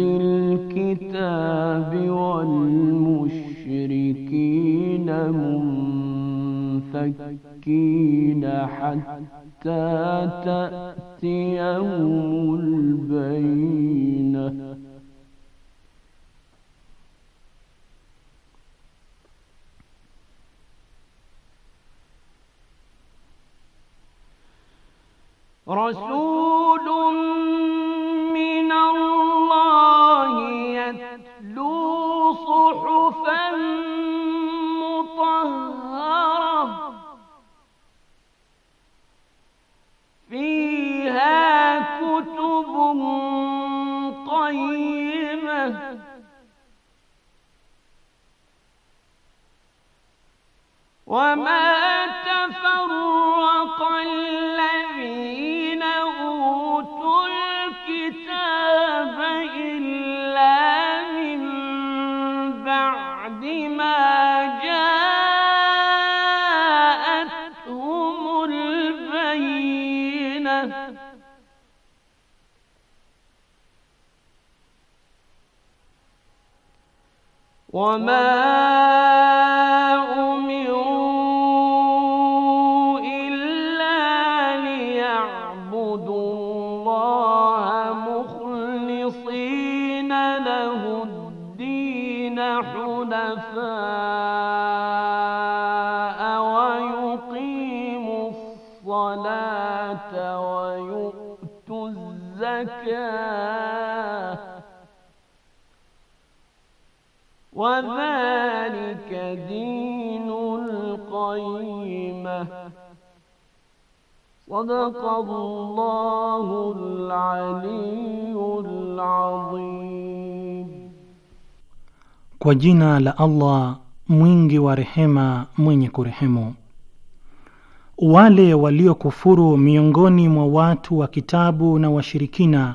بالكتاب والمشركين منفكين حتى تأتيهم البينة رسول صحفا مطهرة فيها كتب قيمة وما تفرق الذين وما wa dhalika dinul qayyimah. Sadaqallahul aliyyul adhim. Kwa jina la Allah mwingi wa rehema mwenye kurehemu. Wale waliokufuru miongoni mwa watu wa kitabu na washirikina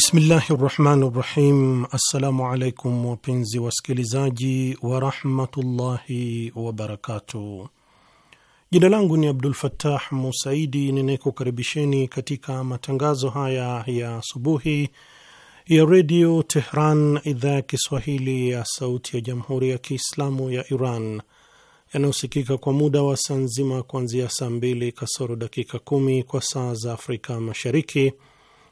Bismillahi rahmani rahim. Assalamu alaikum wapenzi wasikilizaji warahmatullahi wabarakatuh. Jina langu ni Abdul Fattah Musaidi ninayekukaribisheni katika matangazo haya ya asubuhi ya redio Tehran, idhaa ya Kiswahili ya sauti ya jamhuri ya Kiislamu ya Iran yanayosikika kwa muda wa saa nzima kuanzia saa mbili kasoro dakika kumi kwa saa za Afrika Mashariki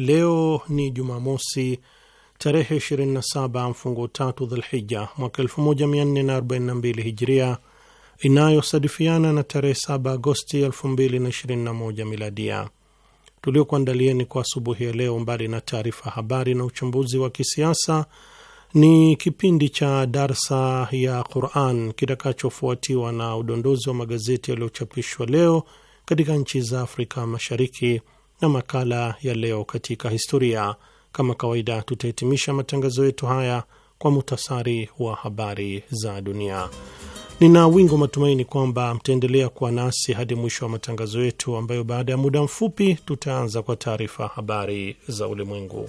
Leo ni Jumamosi tarehe 27 mfungo tatu Dhulhija mwaka 1442 Hijria, inayosadifiana na tarehe 7 Agosti 2021 Miladia. Tuliokuandalieni kwa asubuhi ya leo, mbali na taarifa habari na uchambuzi wa kisiasa, ni kipindi cha darsa ya Quran kitakachofuatiwa na udondozi wa magazeti yaliyochapishwa leo katika nchi za Afrika Mashariki, na makala ya leo katika historia. Kama kawaida, tutahitimisha matangazo yetu haya kwa muhtasari wa habari za dunia. Nina wingi wa matumaini kwamba mtaendelea kuwa nasi hadi mwisho wa matangazo yetu, ambayo baada ya muda mfupi tutaanza kwa taarifa habari za ulimwengu.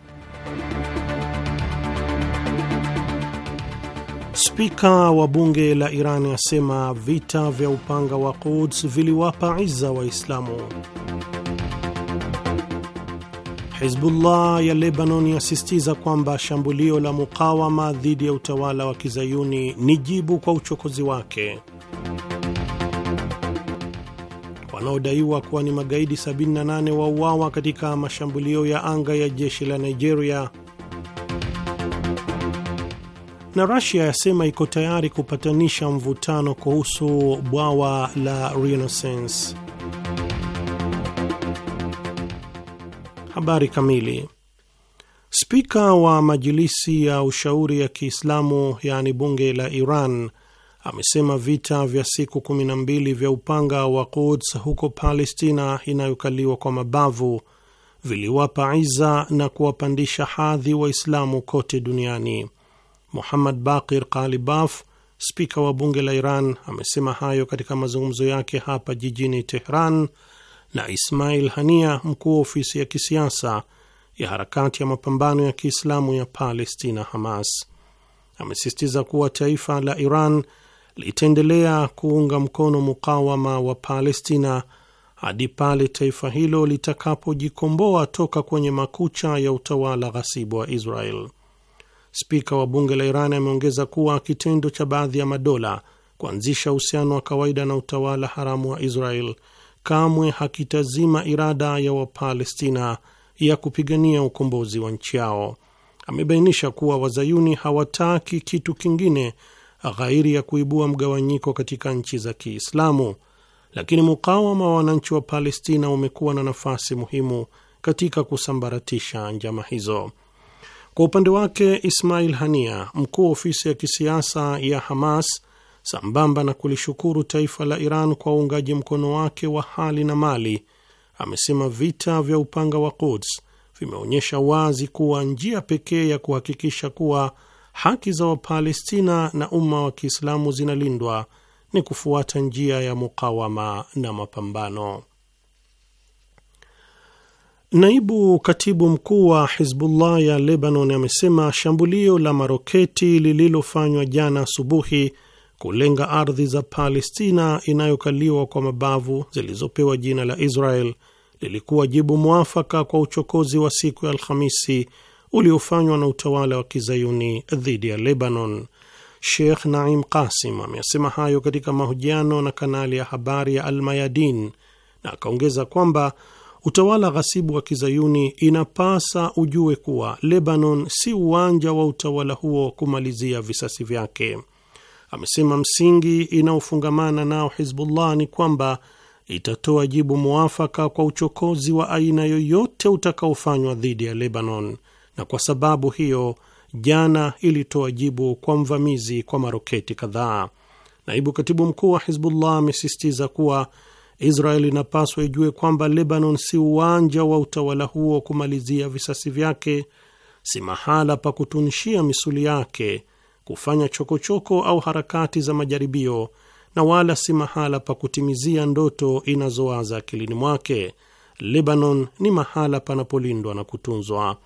Spika wa bunge la iran asema vita vya upanga wa Quds viliwapa iza Waislamu. Hizbullah ya Lebanon yasisitiza kwamba shambulio la mukawama dhidi ya utawala wa kizayuni ni jibu kwa uchokozi wake. Wanaodaiwa kuwa ni magaidi 78 wauawa katika mashambulio ya anga ya jeshi la Nigeria na Russia yasema iko tayari kupatanisha mvutano kuhusu bwawa la Renaissance. Habari kamili. Spika wa Majilisi ya Ushauri ya Kiislamu, yaani bunge la Iran, amesema vita vya siku 12 vya upanga wa Quds huko Palestina inayokaliwa kwa mabavu viliwapa iza na kuwapandisha hadhi Waislamu kote duniani. Muhammad Bakir Kalibaf, spika wa bunge la Iran, amesema hayo katika mazungumzo yake hapa jijini Tehran na Ismail Hania, mkuu wa ofisi ya kisiasa ya harakati ya mapambano ya Kiislamu ya Palestina, Hamas. Amesisitiza kuwa taifa la Iran litaendelea kuunga mkono mukawama wa Palestina hadi pale taifa hilo litakapojikomboa toka kwenye makucha ya utawala ghasibu wa Israel. Spika wa bunge la Iran ameongeza kuwa kitendo cha baadhi ya madola kuanzisha uhusiano wa kawaida na utawala haramu wa Israel kamwe hakitazima irada ya Wapalestina ya kupigania ukombozi wa nchi yao. Amebainisha kuwa wazayuni hawataki kitu kingine ghairi ya kuibua mgawanyiko katika nchi za Kiislamu, lakini mukawama wa wananchi wa Palestina umekuwa na nafasi muhimu katika kusambaratisha njama hizo. Kwa upande wake, Ismail Hania, mkuu wa ofisi ya kisiasa ya Hamas, sambamba na kulishukuru taifa la Iran kwa uungaji mkono wake wa hali na mali, amesema vita vya upanga wa Quds vimeonyesha wazi kuwa njia pekee ya kuhakikisha kuwa haki za Wapalestina na umma wa Kiislamu zinalindwa ni kufuata njia ya mukawama na mapambano. Naibu katibu mkuu wa Hizbullah ya Lebanon amesema shambulio la maroketi lililofanywa jana asubuhi kulenga ardhi za Palestina inayokaliwa kwa mabavu zilizopewa jina la Israel lilikuwa jibu mwafaka kwa uchokozi wa siku ya Alhamisi uliofanywa na utawala wa kizayuni dhidi ya Lebanon. Sheikh Naim Qasim amesema hayo katika mahojiano na kanali ya habari ya Almayadin na akaongeza kwamba Utawala ghasibu wa kizayuni inapasa ujue kuwa Lebanon si uwanja wa utawala huo kumalizia visasi vyake. Amesema msingi inaofungamana nao Hizbullah ni kwamba itatoa jibu mwafaka kwa uchokozi wa aina yoyote utakaofanywa dhidi ya Lebanon, na kwa sababu hiyo jana ilitoa jibu kwa mvamizi kwa maroketi kadhaa. Naibu katibu mkuu wa Hizbullah amesisitiza kuwa Israel inapaswa ijue kwamba Lebanon si uwanja wa utawala huo kumalizia visasi vyake, si mahala pa kutunishia misuli yake, kufanya chokochoko -choko au harakati za majaribio, na wala si mahala pa kutimizia ndoto inazowaza akilini mwake. Lebanon ni mahala panapolindwa na kutunzwa.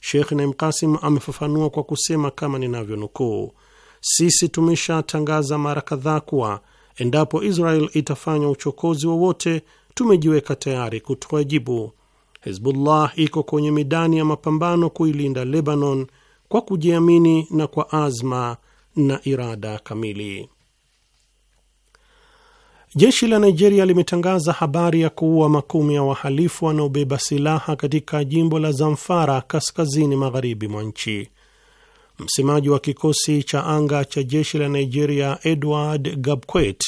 Sheikh Naim kasim amefafanua kwa kusema kama ninavyonukuu: sisi tumeshatangaza mara kadhaa kuwa Endapo Israel itafanya uchokozi wowote, tumejiweka tayari kutoa jibu. Hezbullah iko kwenye midani ya mapambano kuilinda Lebanon kwa kujiamini na kwa azma na irada kamili. Jeshi la Nigeria limetangaza habari ya kuua makumi ya wahalifu wanaobeba silaha katika jimbo la Zamfara, kaskazini magharibi mwa nchi. Msemaji wa kikosi cha anga cha jeshi la Nigeria Edward Gabquet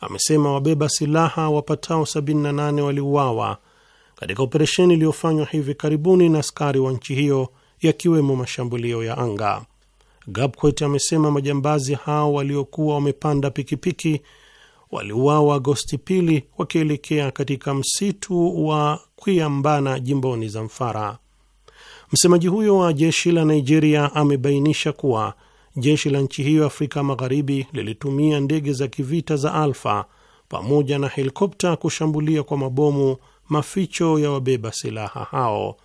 amesema wabeba silaha wapatao 78 waliuawa katika operesheni iliyofanywa hivi karibuni na askari wa nchi hiyo, yakiwemo mashambulio ya anga. Gabquet amesema majambazi hao waliokuwa wamepanda pikipiki waliuawa Agosti pili wakielekea katika msitu wa Kwiambana jimboni Zamfara. Msemaji huyo wa jeshi la Nigeria amebainisha kuwa jeshi la nchi hiyo Afrika Magharibi lilitumia ndege za kivita za Alfa pamoja na helikopta kushambulia kwa mabomu maficho ya wabeba silaha hao.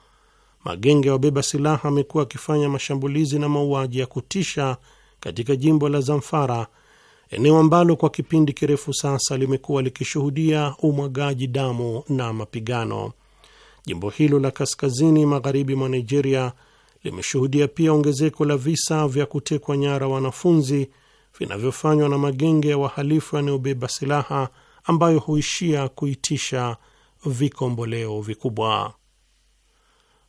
Magenge ya wabeba silaha amekuwa akifanya mashambulizi na mauaji ya kutisha katika jimbo la Zamfara, eneo ambalo kwa kipindi kirefu sasa limekuwa likishuhudia umwagaji damu na mapigano. Jimbo hilo la kaskazini magharibi mwa Nigeria limeshuhudia pia ongezeko la visa vya kutekwa nyara wanafunzi vinavyofanywa na magenge ya wahalifu yanayobeba silaha ambayo huishia kuitisha vikomboleo vikubwa.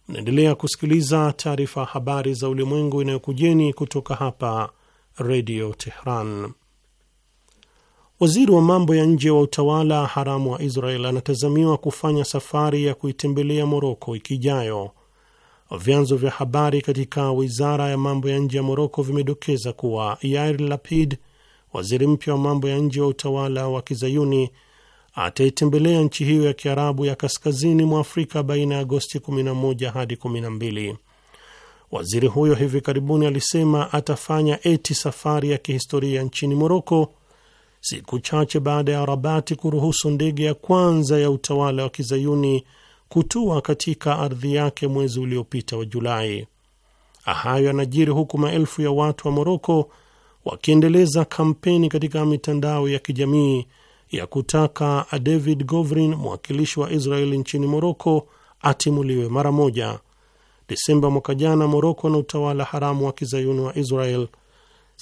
Mnaendelea kusikiliza taarifa habari za ulimwengu inayokujeni kutoka hapa Redio Tehran. Waziri wa mambo ya nje wa utawala haramu wa Israel anatazamiwa kufanya safari ya kuitembelea Moroko wiki ijayo. Vyanzo vya habari katika wizara ya mambo ya nje ya Moroko vimedokeza kuwa Yair Lapid, waziri mpya wa mambo ya nje wa utawala wa Kizayuni, ataitembelea nchi hiyo ya Kiarabu ya kaskazini mwa Afrika baina ya Agosti 11 hadi 12. Waziri huyo hivi karibuni alisema atafanya eti safari ya kihistoria nchini Moroko siku chache baada ya Rabati kuruhusu ndege ya kwanza ya utawala wa kizayuni kutua katika ardhi yake mwezi uliopita wa Julai. Hayo yanajiri huku maelfu ya watu wa Moroko wakiendeleza kampeni katika mitandao ya kijamii ya kutaka David Govrin, mwakilishi wa Israel nchini Moroko, atimuliwe mara moja. Desemba mwaka jana, Moroko na utawala haramu wa kizayuni wa Israel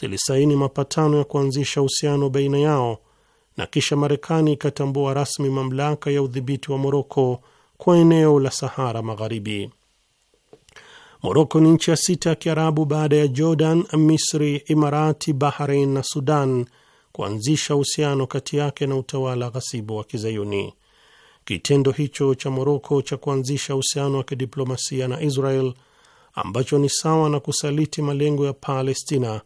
zilisaini mapatano ya kuanzisha uhusiano baina yao na kisha Marekani ikatambua rasmi mamlaka ya udhibiti wa Moroko kwa eneo la Sahara Magharibi. Moroko ni nchi ya sita ya Kiarabu baada ya Jordan, Misri, Imarati, Bahrain na Sudan kuanzisha uhusiano kati yake na utawala ghasibu wa Kizayuni. Kitendo hicho cha Moroko cha kuanzisha uhusiano wa kidiplomasia na Israel ambacho ni sawa na kusaliti malengo ya Palestina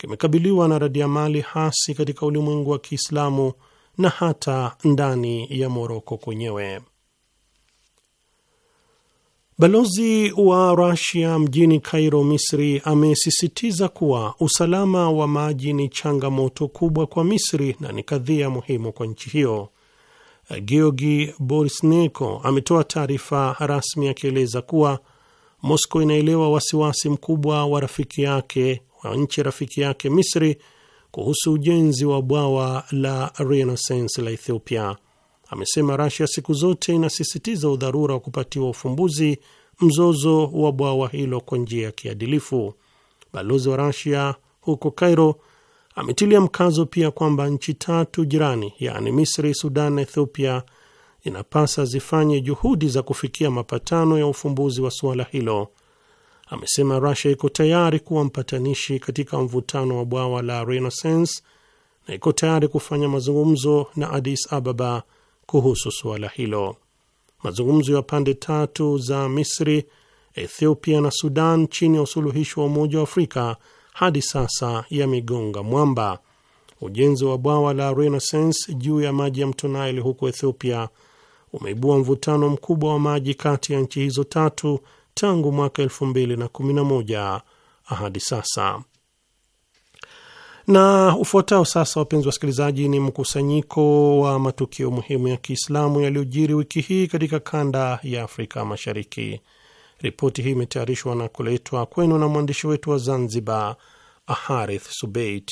kimekabiliwa na radiamali hasi katika ulimwengu wa Kiislamu na hata ndani ya Moroko kwenyewe. Balozi wa Rasia mjini Kairo, Misri, amesisitiza kuwa usalama wa maji ni changamoto kubwa kwa Misri na ni kadhia muhimu kwa nchi hiyo. Georgi Borisneko ametoa taarifa rasmi akieleza kuwa Moscow inaelewa wasiwasi mkubwa wa rafiki yake wa nchi rafiki yake Misri kuhusu ujenzi wa bwawa la Renaissance la Ethiopia. Amesema rasia siku zote inasisitiza udharura wa kupatiwa ufumbuzi mzozo wa bwawa hilo kwa njia ya kiadilifu. Balozi wa rasia huko Cairo ametilia mkazo pia kwamba nchi tatu jirani, yaani Misri, Sudan na Ethiopia, inapasa zifanye juhudi za kufikia mapatano ya ufumbuzi wa suala hilo amesema rusia iko tayari kuwa mpatanishi katika mvutano wa bwawa la Renaissance na iko tayari kufanya mazungumzo na Addis Ababa kuhusu suala hilo. Mazungumzo ya pande tatu za Misri, Ethiopia na Sudan chini ya usuluhishi wa Umoja wa Afrika hadi sasa yamegonga mwamba. Ujenzi wa bwawa la Renaissance juu ya maji ya mto Nile huko Ethiopia umeibua mvutano mkubwa wa maji kati ya nchi hizo tatu tangu mwaka moja hadi sasa. Na ufuatao sasa, wapenzi wasikilizaji, ni mkusanyiko wa matukio muhimu ya Kiislamu yaliyojiri wiki hii katika kanda ya Afrika Mashariki. Ripoti hii imetayarishwa na kuletwa kwenu na mwandishi wetu wa Zanzibar, Aharith Subeit.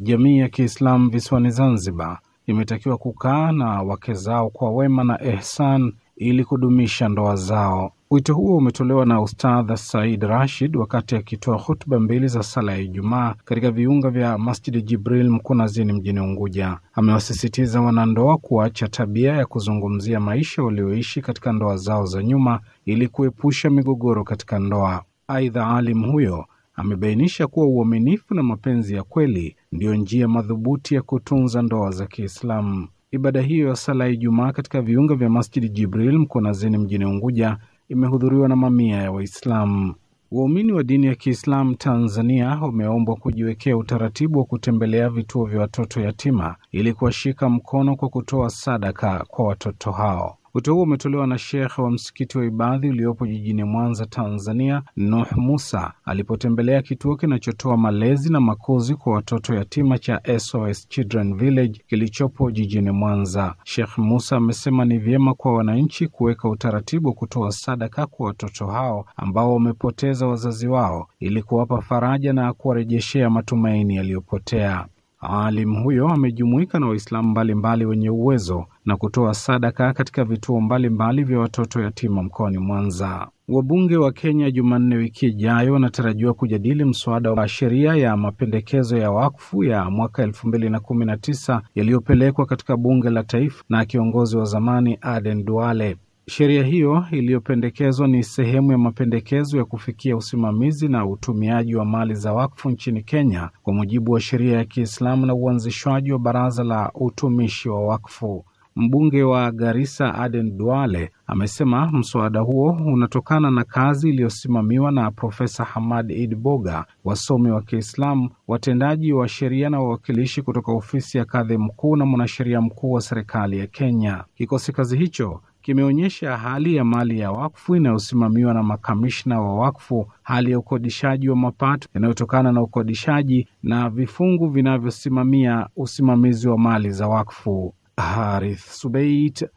Jamii ya Kiislamu visiwani Zanzibar imetakiwa kukaa na wake zao kwa wema na ehsan ili kudumisha ndoa zao. Wito huo umetolewa na Ustadh Said Rashid wakati akitoa hutuba mbili za sala ya Ijumaa katika viunga vya Masjidi Jibril Mkunazini mjini Unguja. Amewasisitiza wanandoa kuacha tabia ya kuzungumzia maisha walioishi katika ndoa zao za nyuma ili kuepusha migogoro katika ndoa. Aidha, alim huyo amebainisha kuwa uaminifu na mapenzi ya kweli ndiyo njia madhubuti ya kutunza ndoa za Kiislamu. Ibada hiyo ya sala ya Ijumaa katika viunga vya Masjidi Jibril Mkunazini mjini Unguja imehudhuriwa na mamia ya Waislamu. Waumini wa dini ya Kiislamu Tanzania wameombwa kujiwekea utaratibu wa kutembelea vituo vya watoto yatima ili kuwashika mkono kwa kutoa sadaka kwa watoto hao. Wito huo umetolewa na shekhe wa msikiti wa Ibadhi uliopo jijini Mwanza, Tanzania, Nuh Musa alipotembelea kituo kinachotoa malezi na makuzi kwa watoto yatima cha SOS Children Village kilichopo jijini Mwanza. shekh Musa amesema ni vyema kwa wananchi kuweka utaratibu wa kutoa sadaka kwa watoto hao ambao wamepoteza wazazi wao ili kuwapa faraja na kuwarejeshea matumaini yaliyopotea. Alim huyo amejumuika na Waislamu mbalimbali wenye uwezo na kutoa sadaka katika vituo mbalimbali vya watoto yatima mkoani Mwanza. Wabunge wa Kenya Jumanne wiki ijayo wanatarajiwa kujadili mswada wa sheria ya mapendekezo ya wakfu ya mwaka elfu mbili na kumi na tisa yaliyopelekwa katika bunge la taifa na kiongozi wa zamani Aden Duale. Sheria hiyo iliyopendekezwa ni sehemu ya mapendekezo ya kufikia usimamizi na utumiaji wa mali za wakfu nchini Kenya kwa mujibu wa sheria ya Kiislamu na uanzishwaji wa baraza la utumishi wa wakfu. Mbunge wa Garissa Aden Duale amesema mswada huo unatokana na kazi iliyosimamiwa na Profesa Hamad id Boga, wasomi wa Kiislamu, watendaji wa sheria na wawakilishi kutoka ofisi ya kadhi mkuu na mwanasheria mkuu wa serikali ya Kenya. Kikosi kazi hicho kimeonyesha hali ya mali ya wakfu inayosimamiwa na makamishna wa wakfu, hali ya ukodishaji wa mapato yanayotokana na ukodishaji na vifungu vinavyosimamia usimamizi wa mali za wakfu. Harith subeit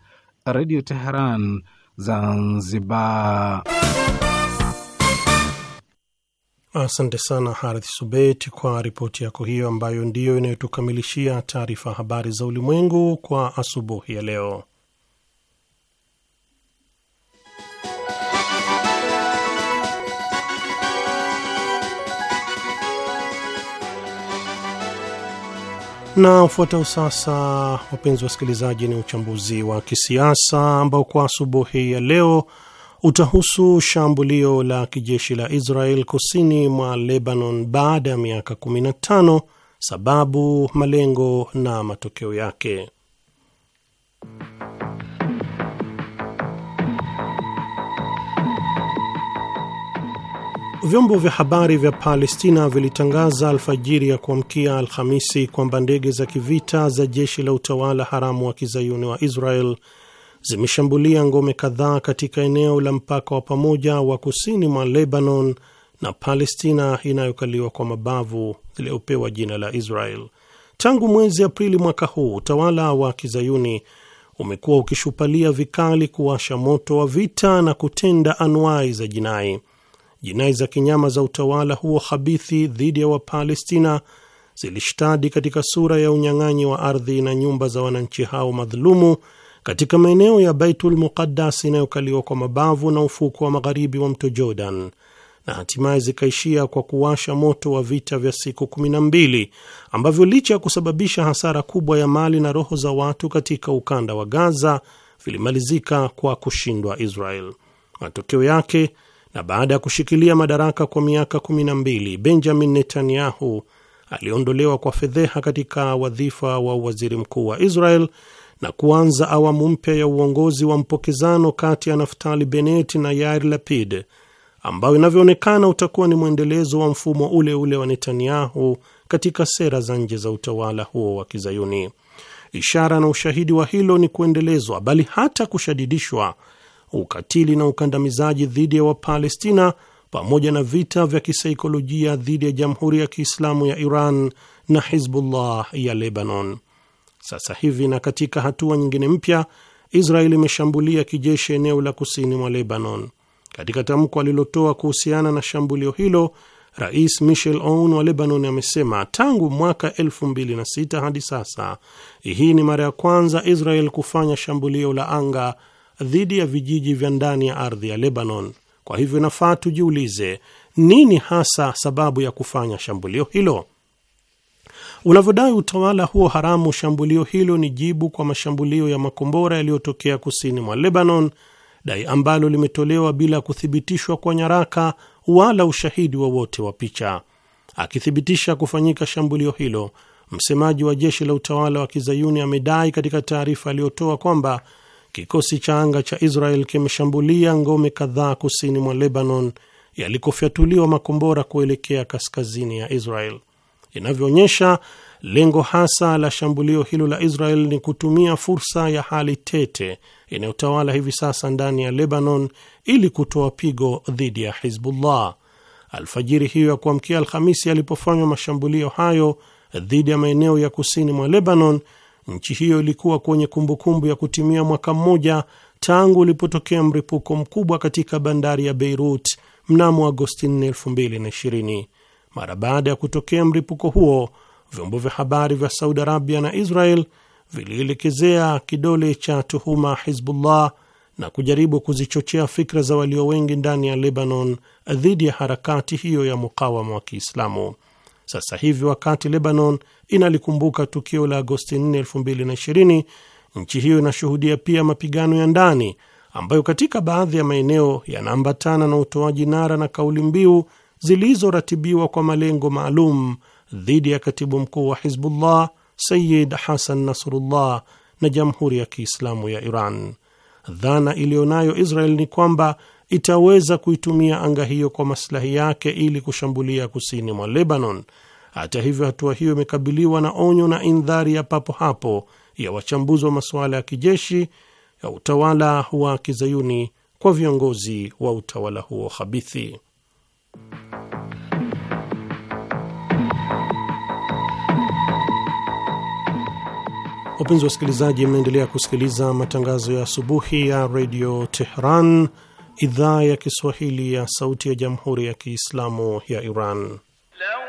Redio Teheran Zanzibar. Asante sana Harith Subeit kwa ripoti yako hiyo ambayo ndiyo inayotukamilishia taarifa habari za ulimwengu kwa asubuhi ya leo. Na ufuatao sasa, wapenzi wasikilizaji, ni uchambuzi wa kisiasa ambao kwa asubuhi ya leo utahusu shambulio la kijeshi la Israel kusini mwa Lebanon baada ya miaka 15, sababu, malengo na matokeo yake. Vyombo vya habari vya Palestina vilitangaza alfajiri ya kuamkia Alhamisi kwamba ndege za kivita za jeshi la utawala haramu wa kizayuni wa Israel zimeshambulia ngome kadhaa katika eneo la mpaka wa pamoja wa kusini mwa Lebanon na Palestina inayokaliwa kwa mabavu iliyopewa jina la Israel. Tangu mwezi Aprili mwaka huu, utawala wa kizayuni umekuwa ukishupalia vikali kuwasha moto wa vita na kutenda anuai za jinai. Jinai za kinyama za utawala huo habithi dhidi ya Wapalestina zilishtadi katika sura ya unyang'anyi wa ardhi na nyumba za wananchi hao madhulumu katika maeneo ya Baitul Muqaddas inayokaliwa kwa mabavu na ufuko wa magharibi wa mto Jordan na hatimaye zikaishia kwa kuwasha moto wa vita vya siku kumi na mbili ambavyo licha ya kusababisha hasara kubwa ya mali na roho za watu katika ukanda wa Gaza vilimalizika kwa kushindwa Israel. Matokeo yake na baada ya kushikilia madaraka kwa miaka 12 Benjamin Netanyahu aliondolewa kwa fedheha katika wadhifa wa waziri mkuu wa Israel na kuanza awamu mpya ya uongozi wa mpokezano kati ya Naftali Bennett na Yair Lapid, ambayo inavyoonekana utakuwa ni mwendelezo wa mfumo ule ule wa Netanyahu katika sera za nje za utawala huo wa Kizayuni. Ishara na ushahidi wa hilo ni kuendelezwa, bali hata kushadidishwa ukatili na ukandamizaji dhidi ya Wapalestina pamoja na vita vya kisaikolojia dhidi ya Jamhuri ya Kiislamu ya Iran na Hizbullah ya Lebanon. Sasa hivi na katika hatua nyingine mpya, Israeli imeshambulia kijeshi eneo la kusini mwa Lebanon. Katika tamko alilotoa kuhusiana na shambulio hilo, Rais Michel Aoun wa Lebanon amesema tangu mwaka 2006 hadi sasa, hii ni mara ya kwanza Israel kufanya shambulio la anga dhidi ya vijiji vya ndani ya ardhi ya Lebanon. Kwa hivyo inafaa tujiulize nini hasa sababu ya kufanya shambulio hilo. Unavyodai utawala huo haramu, shambulio hilo ni jibu kwa mashambulio ya makombora yaliyotokea kusini mwa Lebanon, dai ambalo limetolewa bila kuthibitishwa kwa nyaraka wala ushahidi wowote wa, wa picha. Akithibitisha kufanyika shambulio hilo, msemaji wa jeshi la utawala wa kizayuni amedai katika taarifa aliyotoa kwamba kikosi cha anga cha Israel kimeshambulia ngome kadhaa kusini mwa Lebanon yalikofyatuliwa makombora kuelekea kaskazini ya Israel. Inavyoonyesha, lengo hasa la shambulio hilo la Israel ni kutumia fursa ya hali tete inayotawala hivi sasa ndani ya Lebanon ili kutoa pigo dhidi ya Hizbullah. Alfajiri hiyo ya kuamkia Alhamisi alipofanywa mashambulio hayo dhidi ya maeneo ya kusini mwa Lebanon, Nchi hiyo ilikuwa kwenye kumbukumbu ya kutimia mwaka mmoja tangu ulipotokea mripuko mkubwa katika bandari ya Beirut mnamo Agosti 4, 2020. Mara baada ya kutokea mripuko huo, vyombo vya habari vya Saudi Arabia na Israel vilielekezea kidole cha tuhuma Hizbullah na kujaribu kuzichochea fikra za walio wengi ndani ya Lebanon dhidi ya harakati hiyo ya mukawama wa Kiislamu. Sasa hivi wakati Lebanon inalikumbuka tukio la Agosti 4, 2020, nchi hiyo inashuhudia pia mapigano ya ndani ambayo katika baadhi ya maeneo yanaambatana na utoaji nara na kauli mbiu zilizoratibiwa kwa malengo maalum dhidi ya katibu mkuu wa Hizbullah sayid Hasan Nasrullah na Jamhuri ya Kiislamu ya Iran. Dhana iliyonayo Israel ni kwamba itaweza kuitumia anga hiyo kwa maslahi yake ili kushambulia kusini mwa Lebanon. Hata hivyo, hatua hiyo imekabiliwa na onyo na indhari ya papo hapo ya wachambuzi wa masuala ya kijeshi ya utawala wa kizayuni kwa viongozi wa utawala huo habithi. Wapenzi wa wasikilizaji, mnaendelea kusikiliza matangazo ya asubuhi ya redio Tehran, idhaa ya Kiswahili ya Sauti ya Jamhuri ya Kiislamu ya Iran. Hello.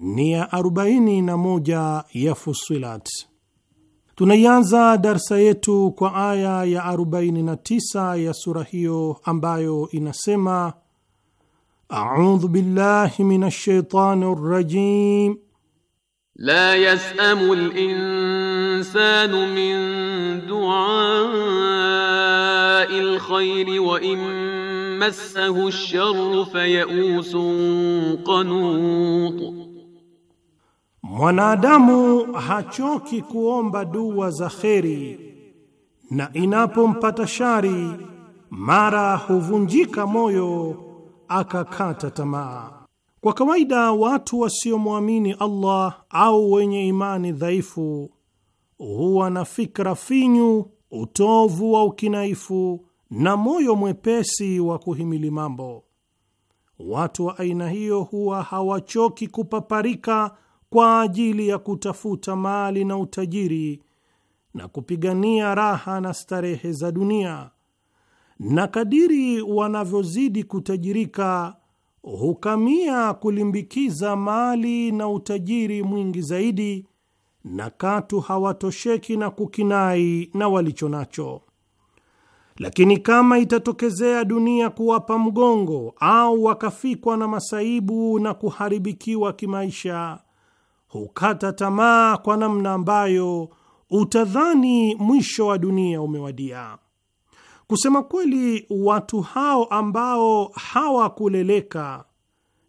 ni ya 41 ya Fusilat. Tunaianza darsa yetu kwa aya ya arobaini na tisa ya sura hiyo ambayo inasema: audhu billahi minash shaitani rrajim la yasamu linsanu min duai lkhairi wa in massahu lsharu fayausun qanut Mwanadamu hachoki kuomba dua za kheri, na inapompata shari mara huvunjika moyo akakata tamaa. Kwa kawaida watu wasiomwamini Allah au wenye imani dhaifu huwa na fikra finyu, utovu wa ukinaifu na moyo mwepesi wa kuhimili mambo. Watu wa aina hiyo huwa hawachoki kupaparika kwa ajili ya kutafuta mali na utajiri na kupigania raha na starehe za dunia, na kadiri wanavyozidi kutajirika hukamia kulimbikiza mali na utajiri mwingi zaidi, na katu hawatosheki na kukinai na walicho nacho. Lakini kama itatokezea dunia kuwapa mgongo au wakafikwa na masaibu na kuharibikiwa kimaisha hukata tamaa kwa namna ambayo utadhani mwisho wa dunia umewadia. Kusema kweli, watu hao ambao hawakuleleka,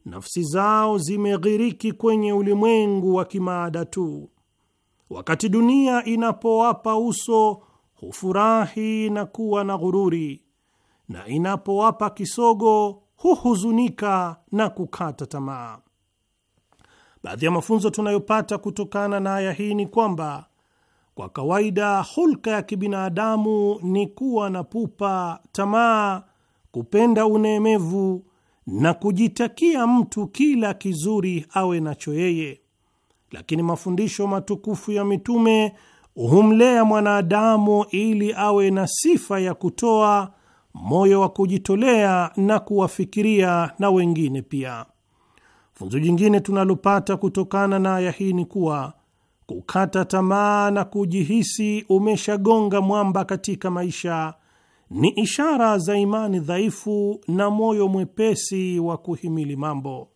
nafsi zao zimeghiriki kwenye ulimwengu wa kimaada tu. Wakati dunia inapowapa uso hufurahi na kuwa na ghururi, na inapowapa kisogo huhuzunika na kukata tamaa. Baadhi ya mafunzo tunayopata kutokana na aya hii ni kwamba kwa kawaida hulka ya kibinadamu ni kuwa na pupa, tamaa, kupenda uneemevu na kujitakia mtu kila kizuri awe nacho yeye, lakini mafundisho matukufu ya mitume humlea mwanadamu ili awe na sifa ya kutoa, moyo wa kujitolea na kuwafikiria na wengine pia. Funzo jingine tunalopata kutokana na aya hii ni kuwa kukata tamaa na kujihisi umeshagonga mwamba katika maisha ni ishara za imani dhaifu na moyo mwepesi wa kuhimili mambo.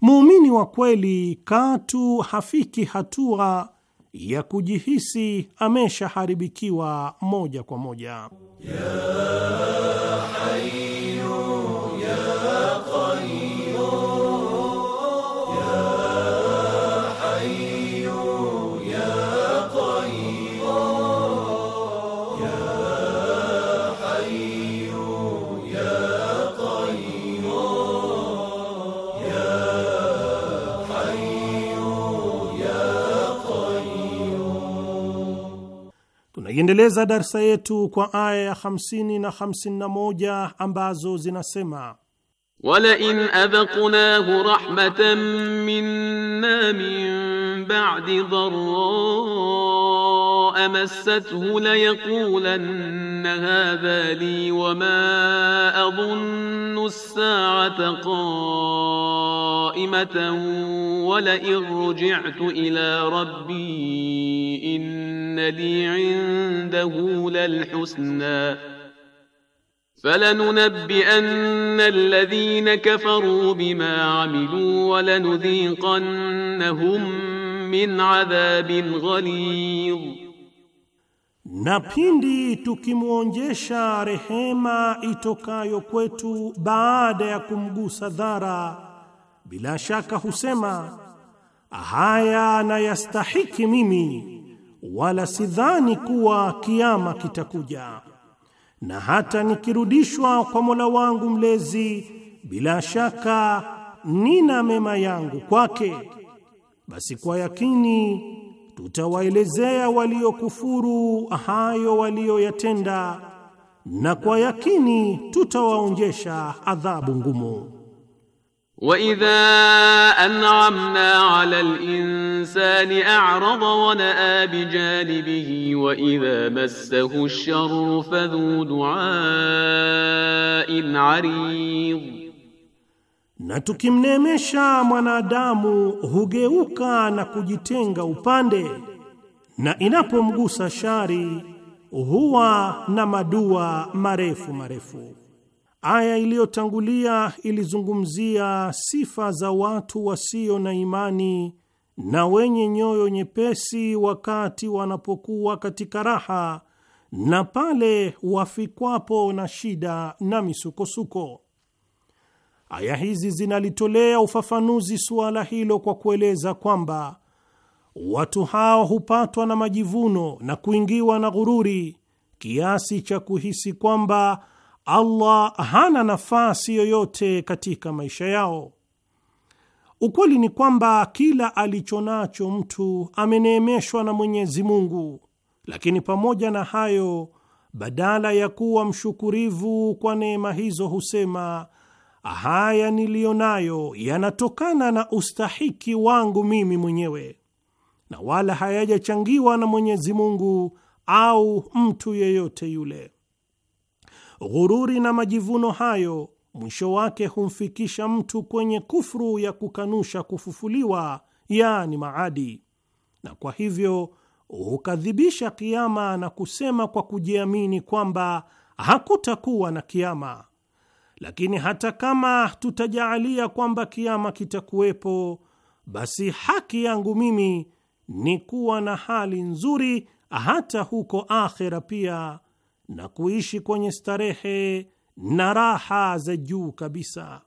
Muumini wa kweli katu hafiki hatua ya kujihisi ameshaharibikiwa moja kwa moja ya Tunaiendeleza darsa yetu kwa aya ya 50 na 51 ambazo zinasema Wala in adhaqnahu rahmatan minna min بعد ضراء مسته ليقولن هذا لي وما أظن الساعة قائمة ولئن رجعت إلى ربي إن لي عنده للحسنى فلننبئن الذين كفروا بما عملوا ولنذيقنهم min adhabin ghaliz, na pindi tukimwonjesha rehema itokayo kwetu baada ya kumgusa dhara, bila shaka husema haya na yastahiki mimi, wala sidhani kuwa kiama kitakuja, na hata nikirudishwa kwa Mola wangu mlezi, bila shaka nina mema yangu kwake basi kwa yakini tutawaelezea waliokufuru hayo waliyoyatenda, na kwa yakini tutawaonjesha adhabu ngumu. Wa idha an'amna 'ala al-insani a'rada wa na'a bi janibihi wa idha massahu ash-sharru fadhu du'a'in 'arid na tukimneemesha mwanadamu hugeuka na kujitenga upande, na inapomgusa shari huwa na madua marefu marefu. Aya iliyotangulia ilizungumzia sifa za watu wasio na imani na wenye nyoyo nyepesi wakati wanapokuwa katika raha na pale wafikwapo na shida na misukosuko. Aya hizi zinalitolea ufafanuzi suala hilo kwa kueleza kwamba watu hao hupatwa na majivuno na kuingiwa na ghururi kiasi cha kuhisi kwamba Allah hana nafasi yoyote katika maisha yao. Ukweli ni kwamba kila alicho nacho mtu ameneemeshwa na Mwenyezi Mungu, lakini pamoja na hayo, badala ya kuwa mshukurivu kwa neema hizo husema haya niliyo nayo yanatokana na ustahiki wangu mimi mwenyewe na wala hayajachangiwa na Mwenyezi Mungu au mtu yeyote yule. Ghururi na majivuno hayo mwisho wake humfikisha mtu kwenye kufru ya kukanusha kufufuliwa, yaani maadi, na kwa hivyo hukadhibisha kiama na kusema kwa kujiamini kwamba hakutakuwa na kiama lakini hata kama tutajaalia kwamba kiama kitakuwepo, basi haki yangu mimi ni kuwa na hali nzuri hata huko akhera pia, na kuishi kwenye starehe na raha za juu kabisa.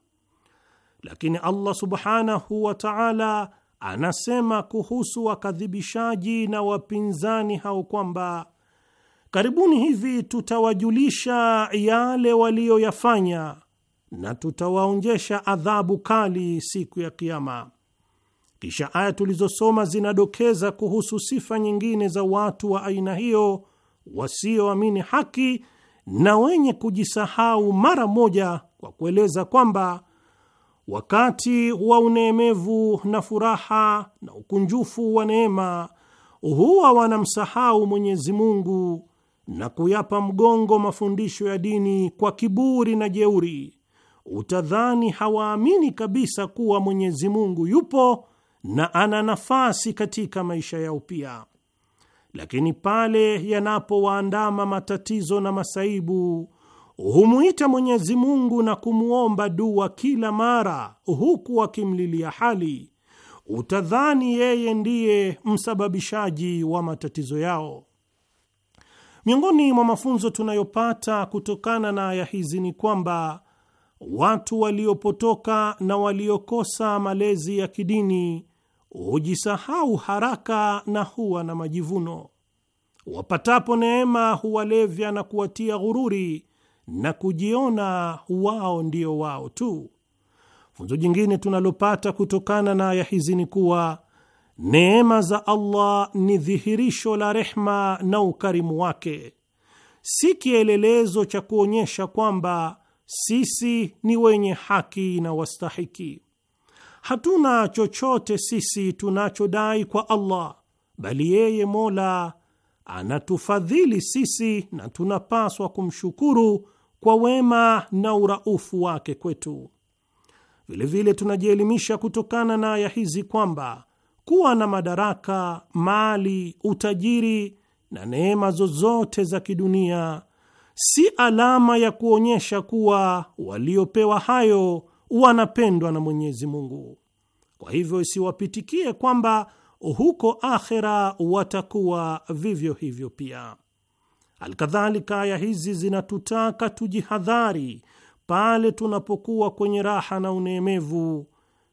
Lakini Allah subhanahu wa ta'ala anasema kuhusu wakadhibishaji na wapinzani hao kwamba karibuni hivi tutawajulisha yale waliyoyafanya na tutawaonjesha adhabu kali siku ya Kiama. Kisha aya tulizosoma zinadokeza kuhusu sifa nyingine za watu wa aina hiyo wasioamini haki na wenye kujisahau mara moja, kwa kueleza kwamba wakati wa uneemevu na furaha na ukunjufu wa neema huwa wanamsahau Mwenyezi Mungu na kuyapa mgongo mafundisho ya dini kwa kiburi na jeuri utadhani hawaamini kabisa kuwa Mwenyezi Mungu yupo na ana nafasi katika maisha yao pia. Lakini pale yanapowaandama matatizo na masaibu, humwita Mwenyezi Mungu na kumwomba dua kila mara, huku wakimlilia hali, utadhani yeye ndiye msababishaji wa matatizo yao. Miongoni mwa mafunzo tunayopata kutokana na aya hizi ni kwamba watu waliopotoka na waliokosa malezi ya kidini hujisahau haraka na huwa na majivuno. Wapatapo neema huwalevya na kuwatia ghururi na kujiona wao ndio wao tu. Funzo jingine tunalopata kutokana na aya hizi ni kuwa neema za Allah ni dhihirisho la rehma na ukarimu wake, si kielelezo cha kuonyesha kwamba sisi ni wenye haki na wastahiki. Hatuna chochote sisi tunachodai kwa Allah, bali yeye Mola anatufadhili sisi na tunapaswa kumshukuru kwa wema na uraufu wake kwetu. Vilevile vile tunajielimisha kutokana na aya hizi kwamba kuwa na madaraka, mali, utajiri na neema zozote za kidunia si alama ya kuonyesha kuwa waliopewa hayo wanapendwa na Mwenyezi Mungu. Kwa hivyo isiwapitikie kwamba huko akhera watakuwa vivyo hivyo pia. Alkadhalika, aya hizi zinatutaka tujihadhari pale tunapokuwa kwenye raha na uneemevu,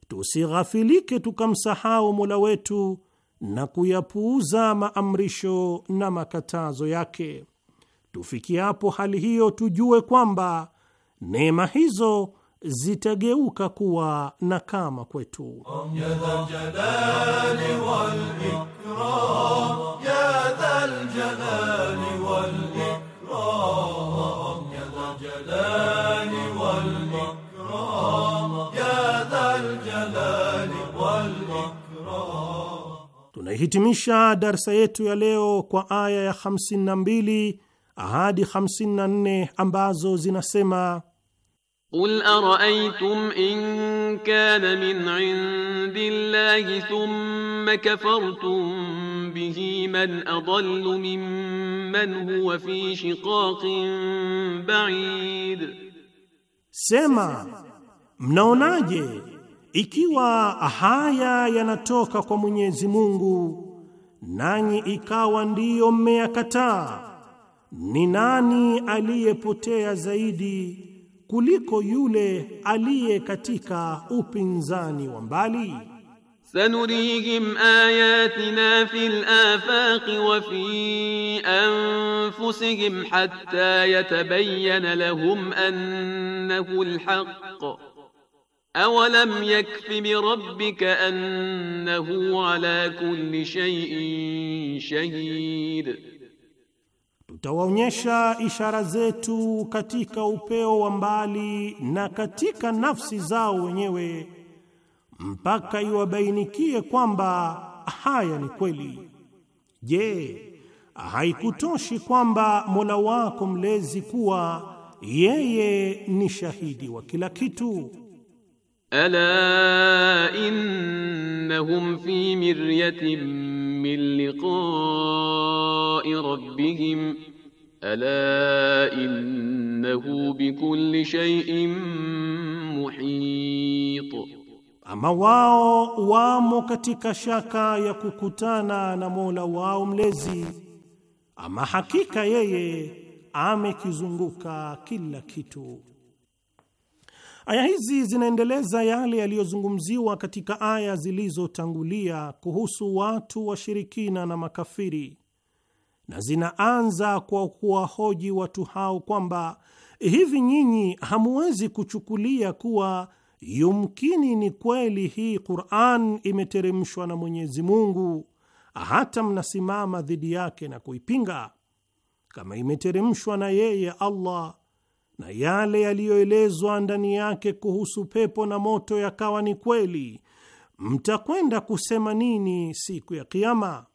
tusighafilike tukamsahau Mola wetu na kuyapuuza maamrisho na makatazo yake. Tufikiapo hali hiyo, tujue kwamba neema hizo zitageuka kuwa kama kwetu. Tunaihitimisha darsa yetu ya leo kwa aya ya 52 hadi 54 ambazo zinasema Qul ara'aytum in kana min 'indillahi thumma kafartum bihi man adallu mimman huwa fi shiqaqin ba'id, Sema, mnaonaje ikiwa haya yanatoka kwa Mwenyezi Mungu nanyi ikawa ndiyo mmeyakataa ni nani aliyepotea zaidi kuliko yule aliye katika upinzani wa mbali? Sanurihim ayatina fil afaqi wa fi anfusihim hatta yatabayyana lahum annahu alhaq awalam yakfi bi rabbika annahu ala kulli shay'in shahid tutawaonyesha ishara zetu katika upeo wa mbali na katika nafsi zao wenyewe mpaka iwabainikie kwamba haya ni kweli. Je, haikutoshi kwamba Mola wako mlezi kuwa yeye ni shahidi wa kila kitu? Ala innahum fi miryatin min liqa'i rabbihim ala innahu bikulli shay'in muhit, ama wao wamo katika shaka ya kukutana na Mola wao mlezi, ama hakika yeye amekizunguka kila kitu. Aya hizi zinaendeleza yale yaliyozungumziwa katika aya zilizotangulia kuhusu watu washirikina na makafiri na zinaanza kwa kuwahoji watu hao kwamba hivi nyinyi hamuwezi kuchukulia kuwa yumkini ni kweli hii Qur'an imeteremshwa na Mwenyezi Mungu, hata mnasimama dhidi yake na kuipinga? Kama imeteremshwa na yeye Allah na yale yaliyoelezwa ndani yake kuhusu pepo na moto yakawa ni kweli, mtakwenda kusema nini siku ya Kiyama?